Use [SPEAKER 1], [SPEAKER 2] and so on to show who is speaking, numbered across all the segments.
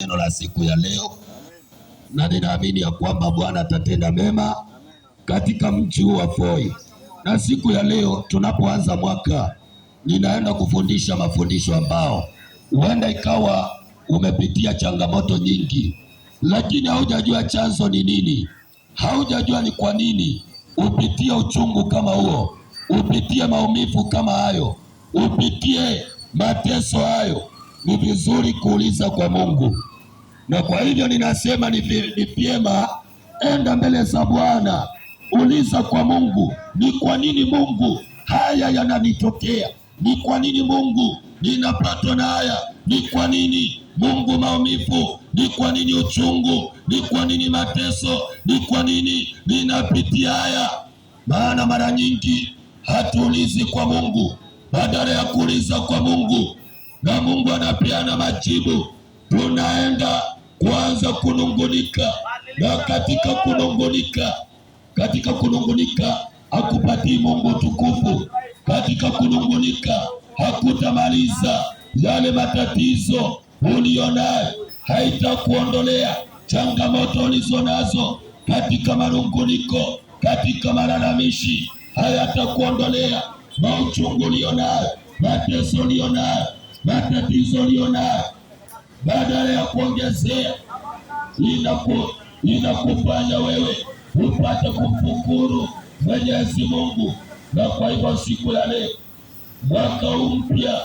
[SPEAKER 1] Neno la siku ya leo na ninaamini ya kwamba Bwana atatenda mema katika mji huu wa Foi. Na siku ya leo tunapoanza mwaka, ninaenda kufundisha mafundisho ambao huenda ikawa umepitia changamoto nyingi, lakini haujajua chanzo ni nini, haujajua ni kwa nini upitie uchungu kama huo, upitie maumivu kama hayo, upitie mateso hayo. Ni vizuri kuuliza kwa Mungu na kwa hivyo ninasema ni vyema, enda mbele za Bwana, uliza kwa Mungu, ni kwa nini Mungu haya yananitokea? Ni kwa nini Mungu ninapatwa na haya? Ni kwa nini Mungu maumivu? Ni kwa nini uchungu? Ni kwa nini mateso? Ni kwa nini ninapitia haya? Maana mara nyingi hatuulizi kwa Mungu, badala ya kuuliza kwa Mungu na Mungu anapeana majibu, tunaenda kuanza kunungunika, na katika kunungunika, katika kunungunika akupati Mungu tukufu, katika kunungunika hakutamaliza yale matatizo ulionayo, haitakuondolea changamoto nazo katika marunguniko, katika malalamishi hayatakuondolea mauchungu ulionayo, mateso ulionayo, matatizo ulionayo badala ya kuongezea inaku inakufanya wewe upate kumshukuru Mwenyezi Mungu. Na kwa hivyo siku ya leo, mwaka mpya,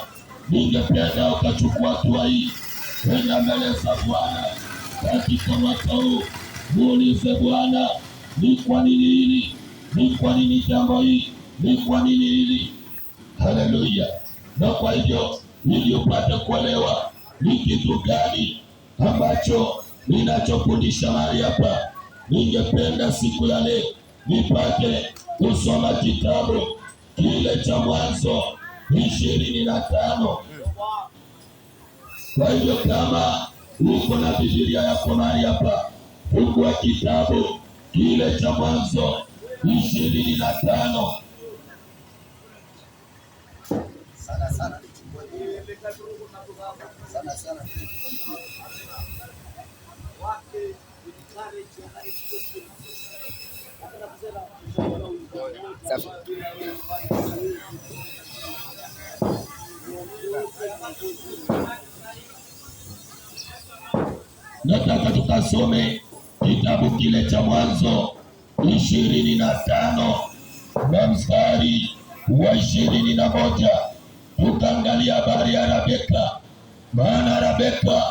[SPEAKER 1] ningependa ukachukua hatua hii, kwenda mbele za Bwana katika mwaka huu, muulize Bwana, ni kwa nini hili? Ni kwa nini jambo hili? Ni kwa nini hili? Haleluya! Na kwa hivyo ili upate kuelewa ni kitu gani ambacho ninachofundisha mahali hapa. Ningependa siku ya leo nipate kusoma kitabu kile cha Mwanzo ishirini na tano. Kwa hivyo kama uko na Biblia yako mahali hapa, fungua kitabu kile cha Mwanzo ishirini na tano sana sana nataka tukasome kitabu kile cha Mwanzo ishirini na tano na mstari wa ishirini na moja tukaangalia habari ya Rebeka maana rabeka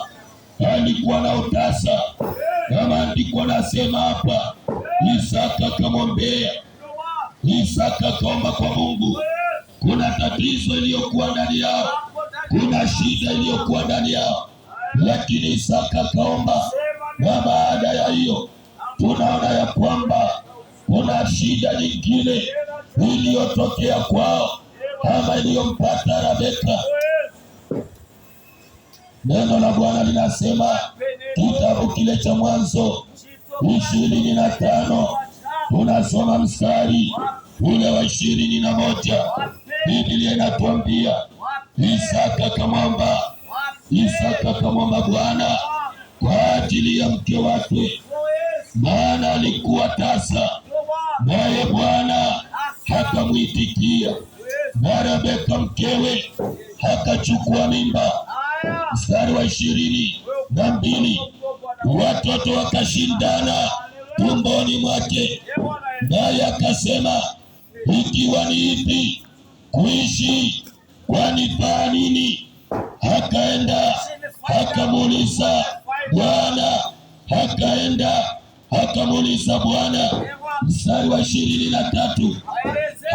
[SPEAKER 1] alikuwa na utasa, kama maandiko nasema hapa, Isaka akamwombea, Isaka akaomba kwa Mungu. Kuna tatizo iliyokuwa ndani yao, kuna shida iliyokuwa ndani yao, lakini Isaka akaomba, na baada ya hiyo tunaona ya kwamba kuna shida nyingine iliyotokea kwao ama iliyompata rabeka Neno la Bwana linasema kitabu kile cha Mwanzo ishirini na tano tunasoma mstari ule wa ishirini na moja Biblia inatuambia Isaka kamwomba Isaka kamwamba Bwana kwa ajili ya mke wake, maana alikuwa tasa, naye Bwana hakamwitikia, na Rebeka mkewe hakachukua mimba mstari wa ishirini na mbili watoto wakashindana tumboni mwake, naye akasema ikiwa ni ipi kuishi, kwani paa nini? Akaenda akamuuliza Bwana, akaenda akamuuliza Bwana. Mstari wa ishirini na tatu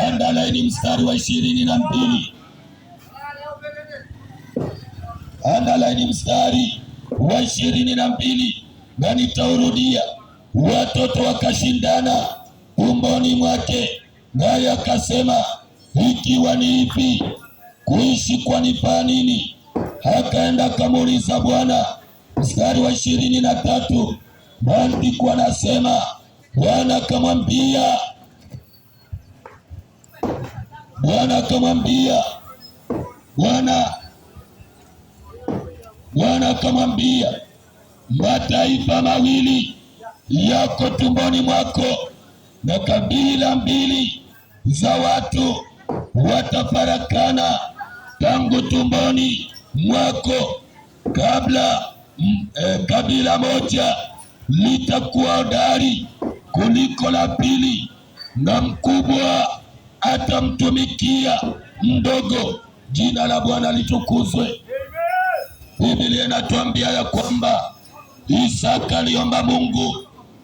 [SPEAKER 1] andalaini mstari wa ishirini na mbili andalaini mstari wa ishirini na mbili na nitaurudia. Watoto wakashindana tumboni mwake, naye akasema ikiwa ni ipi kuishi kwanipaa nini? Akaenda akamuuliza Bwana. Mstari wa ishirini na tatu maandiko anasema Bwana akamwambia Bwana akamwambia Bwana Bwana akamwambia, mataifa mawili yako tumboni mwako, na kabila mbili za watu watafarakana tangu tumboni mwako. Kabla eh, kabila moja litakuwa hodari kuliko la pili, na mkubwa atamtumikia mdogo. Jina la Bwana litukuzwe. Biblia inatuambia ya kwamba Isaka aliomba Mungu,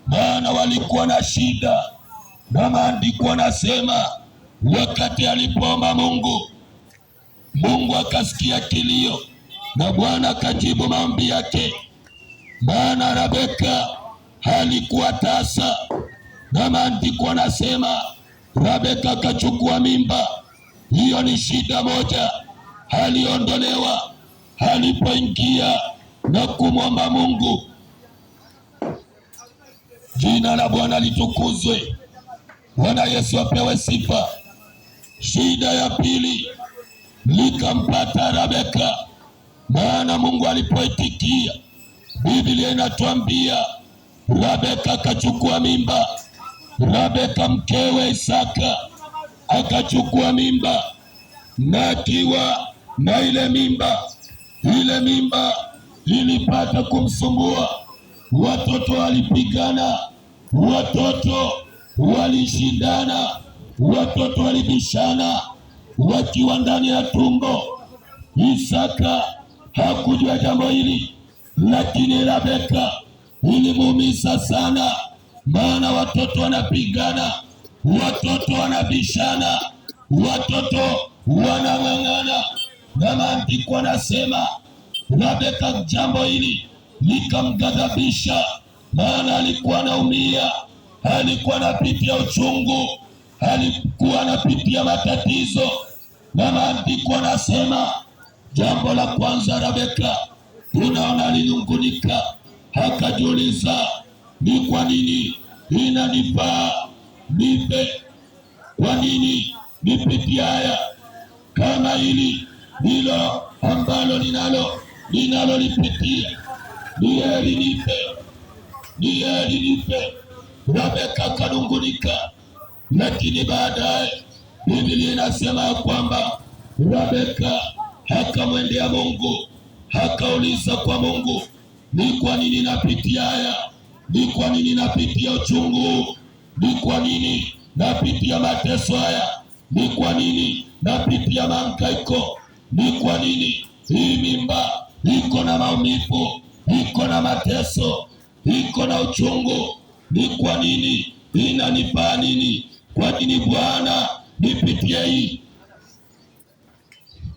[SPEAKER 1] Bwana walikuwa na shida, na maandiko yanasema wakati alipoomba Mungu, Mungu akasikia kilio na Bwana akajibu maombi yake. Maana Rebeka alikuwa tasa, na maandiko yanasema Rebeka akachukua mimba. Hiyo ni shida moja, aliondolewa alipoingia na kumwomba Mungu. Jina la Bwana litukuzwe, Bwana Yesu apewe sifa. Shida ya pili likampata Rebeka, maana Mungu alipoitikia, Biblia inatuambia Rebeka akachukua mimba. Rebeka mkewe Isaka akachukua mimba, na akiwa na ile mimba ile mimba lilipata kumsumbua, watoto walipigana, watoto walishindana, watoto walibishana wakiwa ndani ya tumbo. Isaka hakujua jambo hili, lakini Rebeka ilimuumiza sana, maana watoto wanapigana, watoto wanabishana, watoto wanang'ang'ana na maandiko anasema Rebeka, jambo hili likamghadhabisha, maana alikuwa anaumia, alikuwa anapitia uchungu, alikuwa anapitia matatizo, na maandiko anasema jambo la kwanza rabeka tunaona alinungunika, akajiuliza ni kwa nini inanifaa nipe? Kwa nini nipitia haya kama hili ndilo ambalo linalo linalolipitia ndiye lilipe ndiye lilipe. Rabekakanungunika, lakini baadaye Biblia inasema ya kwamba Rabeka hakamwendea Mungu, hakauliza kwa Mungu, ni kwa nini napitia haya? Ni kwa nini napitia uchungu? Ni kwa nini napitia mateso haya? Ni kwa nini napitia mankaiko ni kwa nini hii mimba iko na maumivu, iko na mateso, iko na uchungu? Ni kwa nini? Inanifaa nini? Kwa nini Bwana nipitie hii?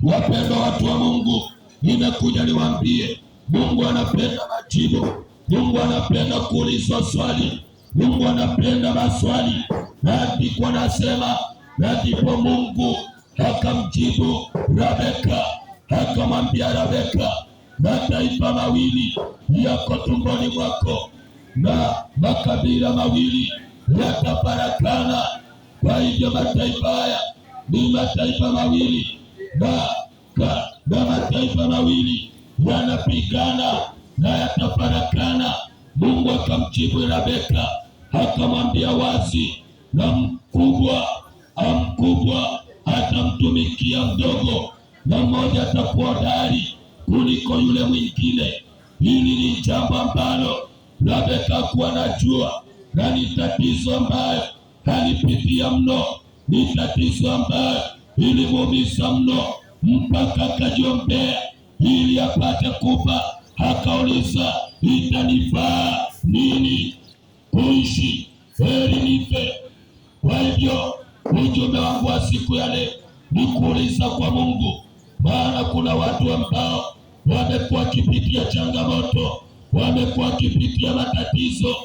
[SPEAKER 1] Wapendwa watu wa Mungu, nimekuja niwaambie, Mungu anapenda majibu. Mungu anapenda kuulizwa swali. Mungu anapenda maswali. Maandiko yanasema, ndipo Mungu akamjibu Rebeka, akamwambia Rebeka, mataifa mawili yako tumboni mwako na makabila mawili yatafarakana. Kwa hivyo mataifa haya ni mataifa mawili na, na mataifa mawili yanapigana na yatafarakana. Mungu akamjibu Rebeka akamwambia wazi, na mkubwa amkubwa atamtumikia mdogo na mmoja atakuwa dari kuliko yule mwingine. Hili ni jambo ambalo Rebeka kuwa na jua na ni tatizo ambayo kalipitia mno, ni tatizo ambayo ilimuumiza mno mpaka akajiombea ili apate kufa. Akauliza, itanifaa nini? ujumbe wangu wa siku ya leo ni kuuliza kwa Mungu. Bwana, kuna watu ambao wamekuwa wakipitia changamoto, wamekuwa wakipitia matatizo,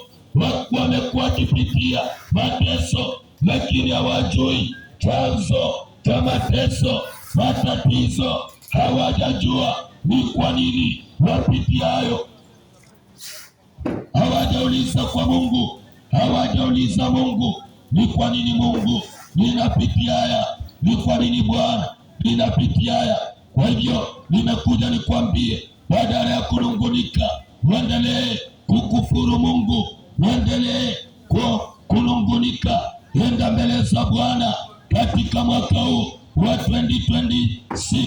[SPEAKER 1] wamekuwa wakipitia mateso, lakini hawajui chanzo cha mateso, matatizo. Hawajajua ni kwa nini wapitia hayo, hawajauliza kwa Mungu, hawajauliza Mungu ni kwa nini Mungu ninapitia haya. Ni kwa nini Bwana? Ninapitia haya. Kwa hivyo nimekuja nikwambie, badala ya kunungunika, uendelee kukufuru Mungu, uendelee kunungunika. Enda mbele za Bwana katika mwaka huu wa 2026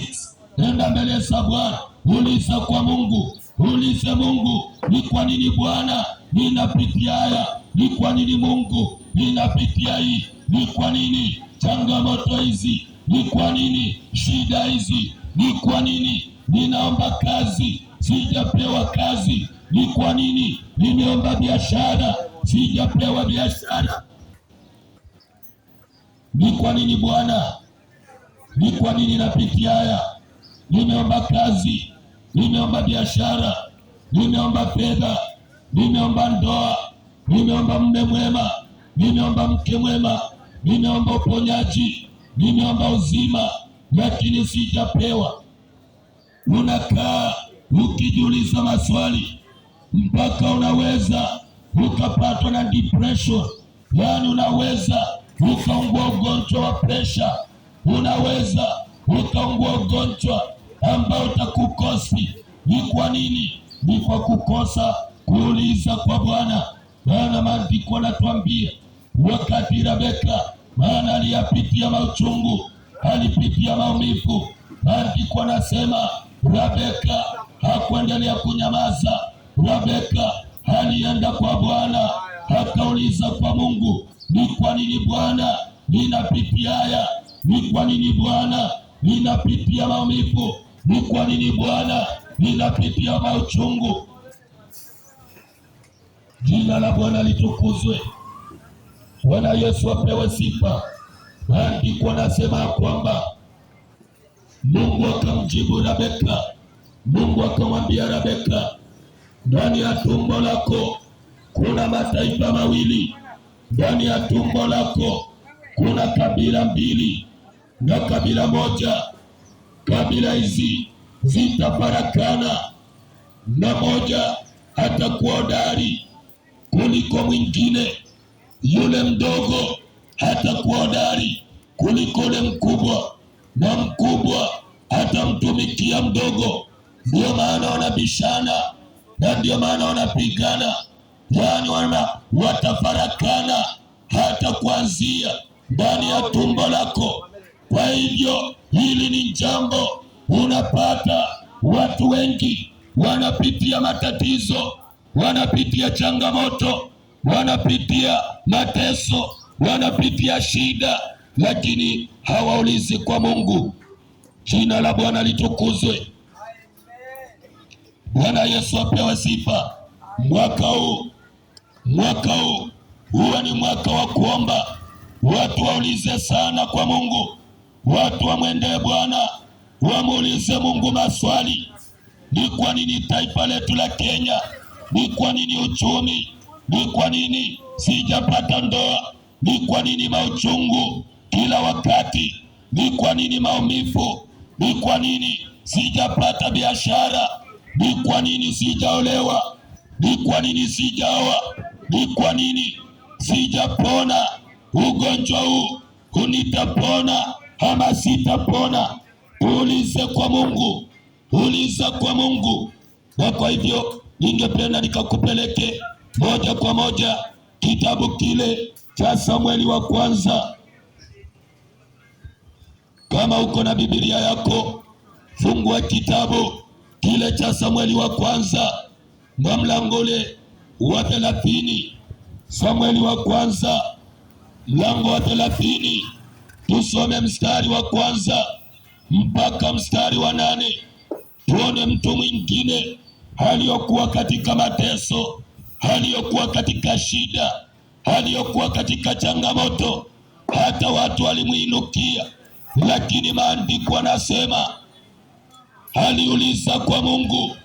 [SPEAKER 1] enda mbele za Bwana, uliza kwa Mungu, ulize Mungu, ni kwa nini Bwana ninapitia haya? Ni kwa nini Mungu ninapitia hii? Ni kwa nini changamoto hizi? Ni kwa nini shida hizi? Ni kwa nini ninaomba kazi sijapewa kazi? Ni kwa nini nimeomba biashara sijapewa biashara? Ni kwa nini Bwana? Ni kwa nini napitia haya? Nimeomba kazi, nimeomba biashara, nimeomba fedha, nimeomba ndoa, nimeomba mume mwema, nimeomba mke mwema nimeomba uponyaji, nimeomba uzima, lakini sijapewa. Unakaa ukijiuliza maswali mpaka unaweza ukapatwa na depression, yaani unaweza ukaungua ugonjwa wa presha, unaweza ukaungua ugonjwa ambao utakukosi. Ni kwa nini? Ni kwa kukosa kuuliza kwa Bwana. bana maandiko anatuambia wakati Rebeka maana aliyapitia mauchungu, alipitia maumivu. Maandiko anasema Rabeka hakuendelea kunyamaza. Rebeka alienda kwa Bwana akauliza kwa Mungu, ni kwa nini Bwana ninapitia haya? Ni kwa nini Bwana ninapitia maumivu? Ni kwa nini Bwana ninapitia mauchungu? Jina la Bwana litukuzwe. Bwana Yesu apewe sifa. Maandiko anasema kwamba Mungu akamjibu Rebeka, Mungu akamwambia Rebeka, ndani ya tumbo lako kuna mataifa mawili, ndani ya tumbo lako kuna kabila mbili, na kabila moja, kabila hizi zitafarakana, na moja atakuwa hodari kuliko mwingine yule mdogo hatakuwa hodari kuliko yule mkubwa, na mkubwa hatamtumikia mdogo. ndio maana wanabishana na ndio maana wanapigana, yaani wana watafarakana hata kuanzia ndani ya tumbo lako. Kwa hivyo hili ni jambo, unapata watu wengi wanapitia matatizo, wanapitia changamoto wanapitia mateso, wanapitia shida, lakini hawaulizi kwa Mungu. Jina la Bwana litukuzwe. Bwana Yesu apewe sifa. Mwaka huu mwaka huu huwa ni mwaka wa kuomba, watu waulize sana kwa Mungu, watu wamwendee Bwana, wamuulize Mungu maswali. Ni kwa nini taifa letu la Kenya? Ni kwa nini uchumi ni kwa nini sijapata ndoa? Ni kwa nini mauchungu kila wakati? Ni kwa nini maumivu? Ni kwa nini sijapata biashara? Ni kwa nini sijaolewa? Ni kwa nini sijaoa? Ni kwa nini sijapona? Ugonjwa huu unitapona ama sitapona? Ulize kwa Mungu, uliza kwa Mungu. Na kwa hivyo ningependa nikakupeleke moja kwa moja kitabu kile cha Samueli wa kwanza. Kama uko na Biblia yako, fungua kitabu kile cha Samueli wa kwanza na mlango ule wa thelathini. Samueli wa kwanza mlango wa thelathini, tusome mstari wa kwanza mpaka mstari wa nane tuone mtu mwingine aliyokuwa katika mateso aliyokuwa katika shida, aliyokuwa katika changamoto, hata watu walimuinukia, lakini maandiko anasema aliuliza kwa Mungu.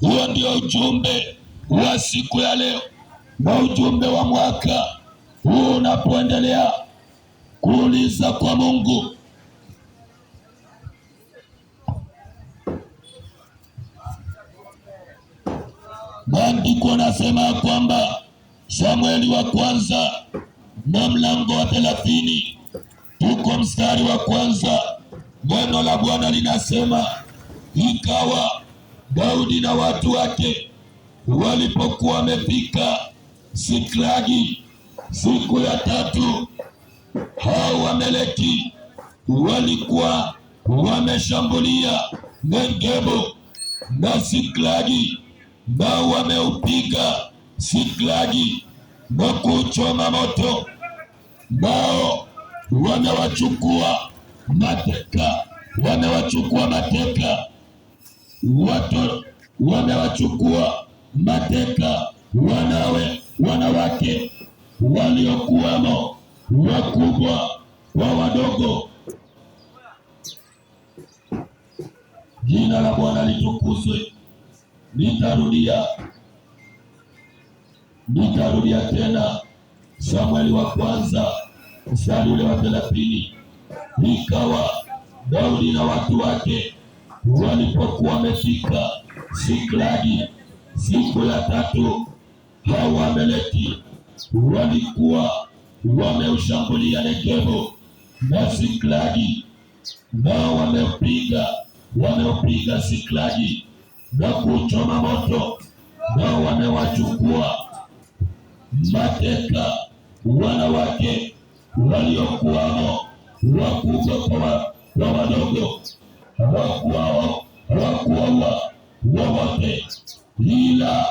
[SPEAKER 1] Huo ndio ujumbe wa siku ya leo na ujumbe wa mwaka huu unapoendelea, kuuliza kwa Mungu. Maandiko nasema kwamba Samueli wa kwanza na mlango wa thelathini tuko mstari wa kwanza. Neno la Bwana linasema ikawa Daudi na watu wake walipokuwa wamefika Siklagi siku ya tatu, hao Wameleki walikuwa wameshambulia Negebo na Siklagi ambao wameupiga Siklagi na kuchoma moto, ambao wanawachukua mateka, wanawachukua mateka watu, wanawachukua mateka wanawe, wanawake waliokuwamo, wakubwa wa wadogo. Jina la Bwana litukuzwe nitarudia, nitarudia tena. Samueli wa kwanza mstari ule wa thelathini. Ikawa Daudi na watu wake walipokuwa wamefika Siklagi siku ya tatu, hao Waamaleki walikuwa wameushambulia Negevu na Siklagi, nao wameupiga wameupiga Siklagi na kuchoma moto, na wamewachukua mateka wanawake waliokuwamo wakubwa kwa wadogo, wakuwao wakuwawa wowote, ila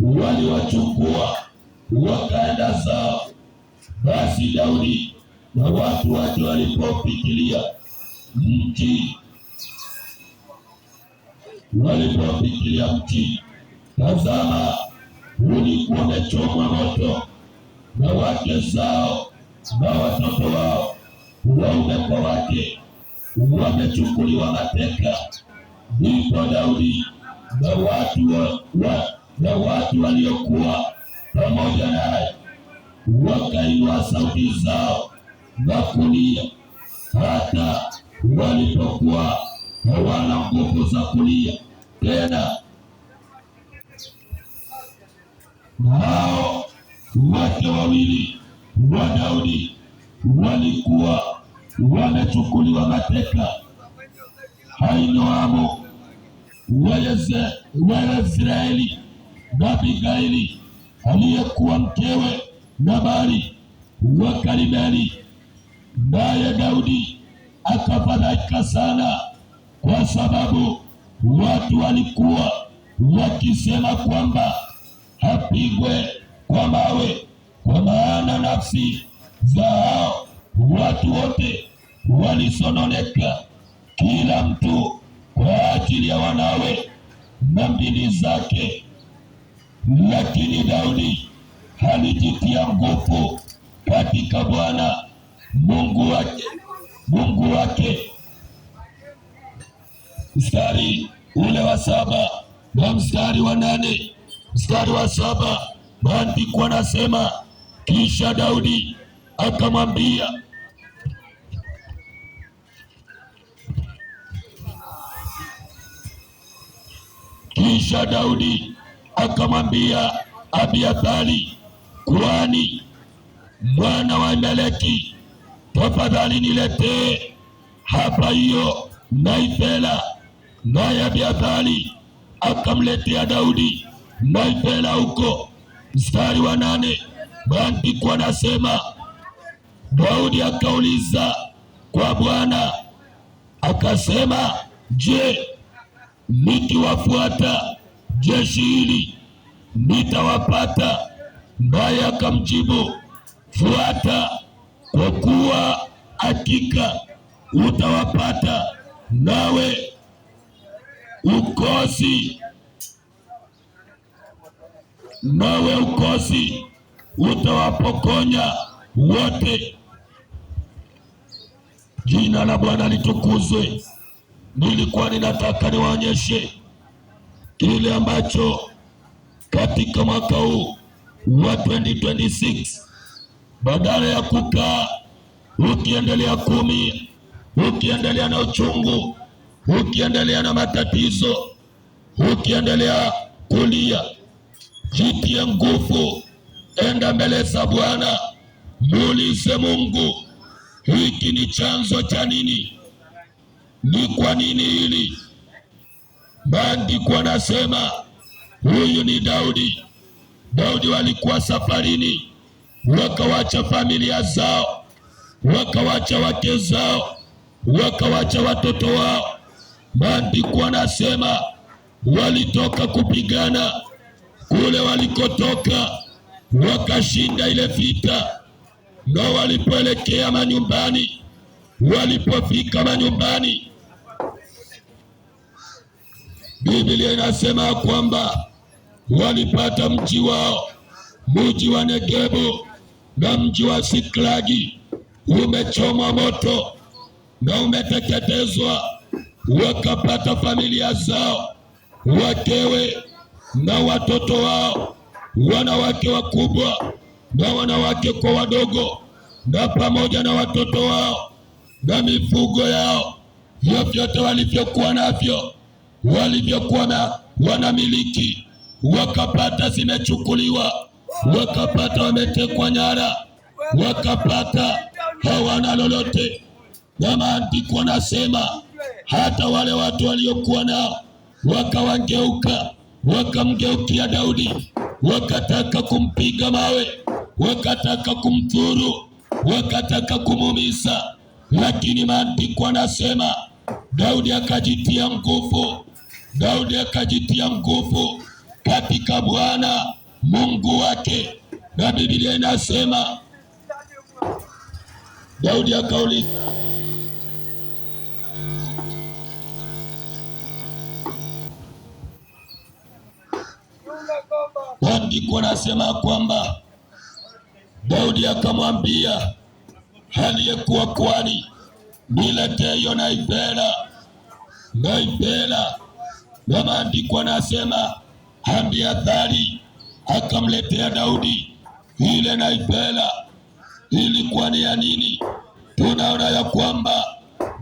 [SPEAKER 1] waliwachukua wakaenda zao. Basi Daudi na watu wake walipofikiria mji walipofikia mti, tazama, ulikuwa umechomwa moto, na wake zao na watoto wao waume kwa wake wamechukuliwa mateka. Ndipo Daudi na watu wa, na watu waliokuwa pamoja naye wakainua sauti zao na kulia hata walipokuwa wala nguvu za kulia tena, hao wote wawili wa Daudi walikuwa wamechukuliwa mateka. Ahinoamu wa Israeli na Abigaili aliyekuwa mkewe Nabali wa Karmeli, naye Daudi akafadhaika sana kwa sababu watu walikuwa wakisema kwamba hapigwe kwa mawe, kwa maana nafsi za hao watu wote walisononeka, kila mtu kwa ajili ya wanawe na mbili zake. Lakini Daudi halijitia nguvu katika Bwana Mungu wake Mungu wake mstari ule wa saba na mstari wa nane. Mstari wa saba maandiko anasema, kisha Daudi akamwambia kisha Daudi akamwambia Abiathari kuhani mwana wa Meleki, tafadhali niletee hapa hiyo naifela naye Abiathari akamletea Daudi naipela huko. Mstari wa nane maandiko nasema, Daudi akauliza kwa Bwana akasema, je, nikiwafuata jeshi hili nitawapata? Naye akamjibu, fuata, kwa kuwa hakika utawapata, nawe ukosi nawe ukosi utawapokonya wote. Jina la Bwana litukuzwe. Nilikuwa ninataka niwaonyeshe kile ambacho katika mwaka huu wa 2026 badala ya kukaa ukiendelea kumi ukiendelea na uchungu ukiendelea na matatizo, ukiendelea kulia, jitie nguvu, enda mbele za Bwana, muulize Mungu, hiki ni chanzo cha nini? Ni kwa nini hili? Maandiko anasema huyu ni Daudi. Daudi walikuwa safarini, wakawacha familia zao, wakawacha wake zao, wakawacha watoto wao Maandiko anasema walitoka kupigana kule walikotoka, wakashinda ile vita, na walipoelekea manyumbani, walipofika manyumbani, Biblia inasema kwamba walipata mji wao, mji wa Negebu na mji wa Siklagi umechomwa moto na umeteketezwa wakapata familia zao, wakewe na watoto wao, wanawake wakubwa na wanawake kwa wadogo, na pamoja na watoto wao na mifugo yao, vyovyote walivyokuwa navyo, walivyokuwa na wanamiliki, wakapata zimechukuliwa, wakapata wametekwa nyara, wakapata hawana lolote, na maandiko nasema hata wale watu waliokuwa nao wakawageuka, wakamgeukia Daudi, wakataka kumpiga mawe, wakataka kumdhuru, wakataka kumumiza lakini maandiko anasema Daudi akajitia nguvu, Daudi akajitia nguvu katika Bwana Mungu wake, na Biblia inasema Daudi akauliza Maandiko anasema kwamba Daudi akamwambia aliyekuwa kwani, nileteyo hiyo naivela, Na maandiko anasema hadi Athari akamletea Daudi ile naivela. Ilikuwa ni ya nini? Tunaona ya kwamba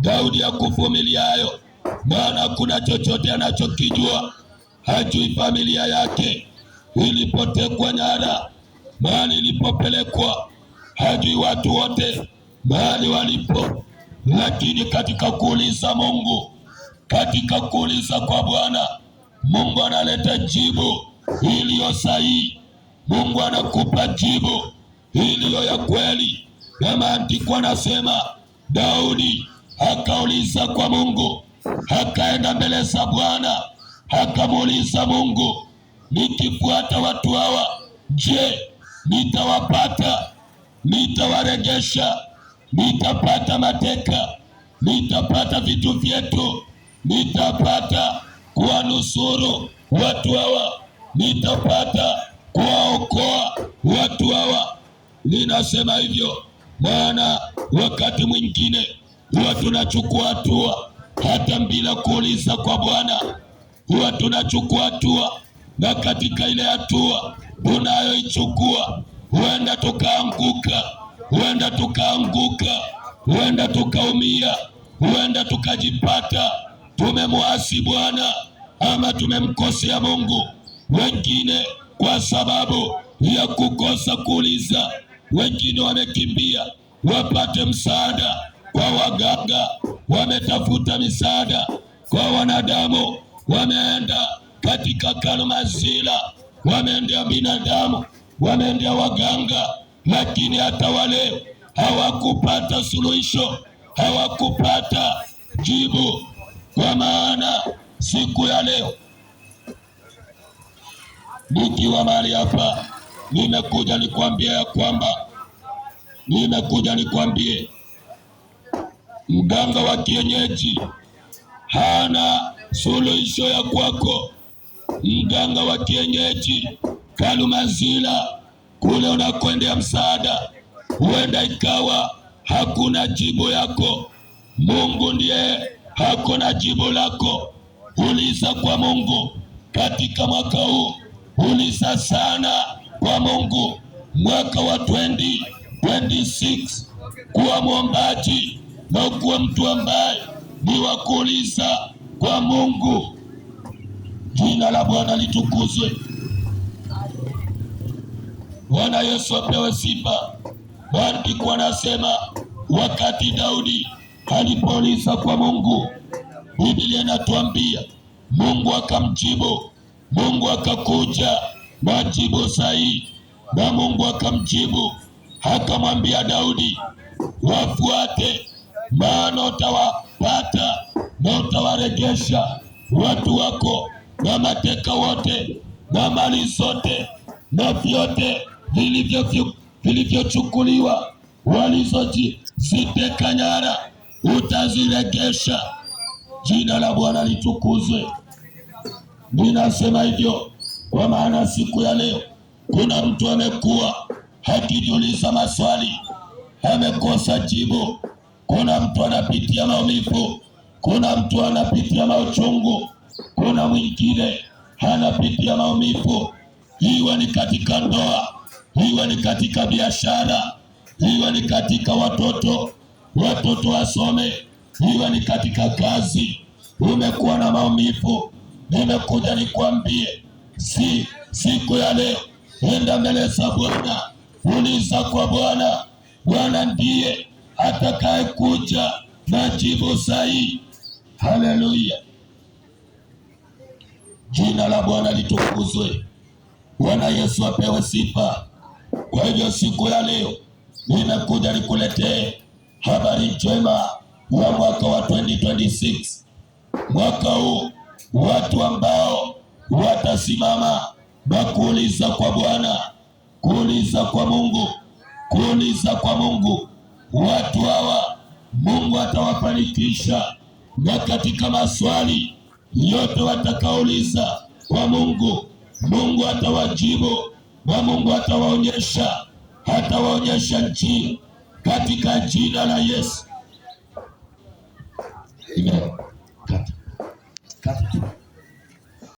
[SPEAKER 1] Daudi akuvumiliayo, maana kuna chochote anachokijua hajui familia yake ilipotekwa nyara, mahali ilipopelekwa, hajui watu wote mahali walipo, lakini katika kuuliza Mungu, katika kuuliza kwa Bwana, Mungu analeta jibu iliyo sahihi. Mungu anakupa jibu iliyo ya kweli, na maandiko anasema Daudi akauliza kwa Mungu, akaenda mbele za Bwana, akamuuliza Mungu nikifuata watu hawa, je, nitawapata? Nitawaregesha? Nitapata mateka? Nitapata vitu vyetu? Nitapata kuwanusuru watu hawa? Nitapata kuwaokoa watu hawa? Ninasema hivyo maana wakati mwingine huwa tunachukua hatua hata bila kuuliza kwa Bwana, huwa tunachukua hatua na katika ile hatua unayoichukua huenda tukaanguka, huenda tukaanguka, huenda tukaumia, huenda tukajipata tumemwasi Bwana ama tumemkosea Mungu, wengine kwa sababu ya kukosa kuuliza, wengine wamekimbia wapate msaada kwa waganga, wametafuta misaada kwa wanadamu, wameenda katika zila, wameendea binadamu, wameendea waganga, lakini hata waleo hawakupata suluhisho, hawakupata jibu. Kwa maana siku ya leo nikiwa mahali hapa, nimekuja nikwambia ya kwamba nimekuja nikwambie, mganga wa kienyeji hana suluhisho ya kwako mganga wa kienyeji Kalumazila kule unakwendea msaada, huenda ikawa hakuna jibu yako. Mungu ndiye hako na jibu lako. Uliza kwa Mungu katika mwaka huu, uliza sana kwa Mungu mwaka wa 2026 kuwa mwombaji na kuwa mtu ambaye ni wa kuuliza kwa Mungu. Jina la Bwana litukuzwe. Bwana Yesu apewe sifa. Maandiko anasema wakati Daudi alipoliza kwa Mungu, Biblia inatuambia Mungu akamjibu. Mungu akakuja majibu sahihi, na Mungu akamjibu akamwambia Daudi, wafuate, maana utawapata na utawaregesha watu wako na mateka wote na mali zote na vyote vilivyochukuliwa walizoziteka nyara utaziregesha. Jina la Bwana litukuzwe. Ninasema hivyo kwa maana siku ya leo kuna mtu amekuwa hakijiuliza maswali, amekosa jibu. Kuna mtu anapitia maumivu, kuna mtu anapitia mauchungu kuna mwingine anapitia maumivu, iwe ni katika ndoa, iwe ni katika biashara, iwe ni katika watoto, watoto wasome, iwe ni katika kazi. Umekuwa na maumivu, nimekuja nikwambie, si siku ya leo, enda mbele za Bwana, uliza kwa Bwana. Bwana ndiye atakaye kuja na jibu sahihi. Haleluya! Jina la Bwana litukuzwe. Bwana Yesu apewe sifa. Kwa hivyo siku ya leo nimekuja nikuletee habari njema ya mwaka wa 2026 mwaka huu watu ambao watasimama na kuuliza kwa Bwana, kuuliza kwa Mungu, kuuliza kwa Mungu. Watu hawa Mungu atawafanikisha na katika maswali yote watakauliza kwa Mungu, Mungu atawajibu, wa Mungu atawaonyesha, atawaonyesha njia katika jina la Yesu. Amen. Kata. Kata.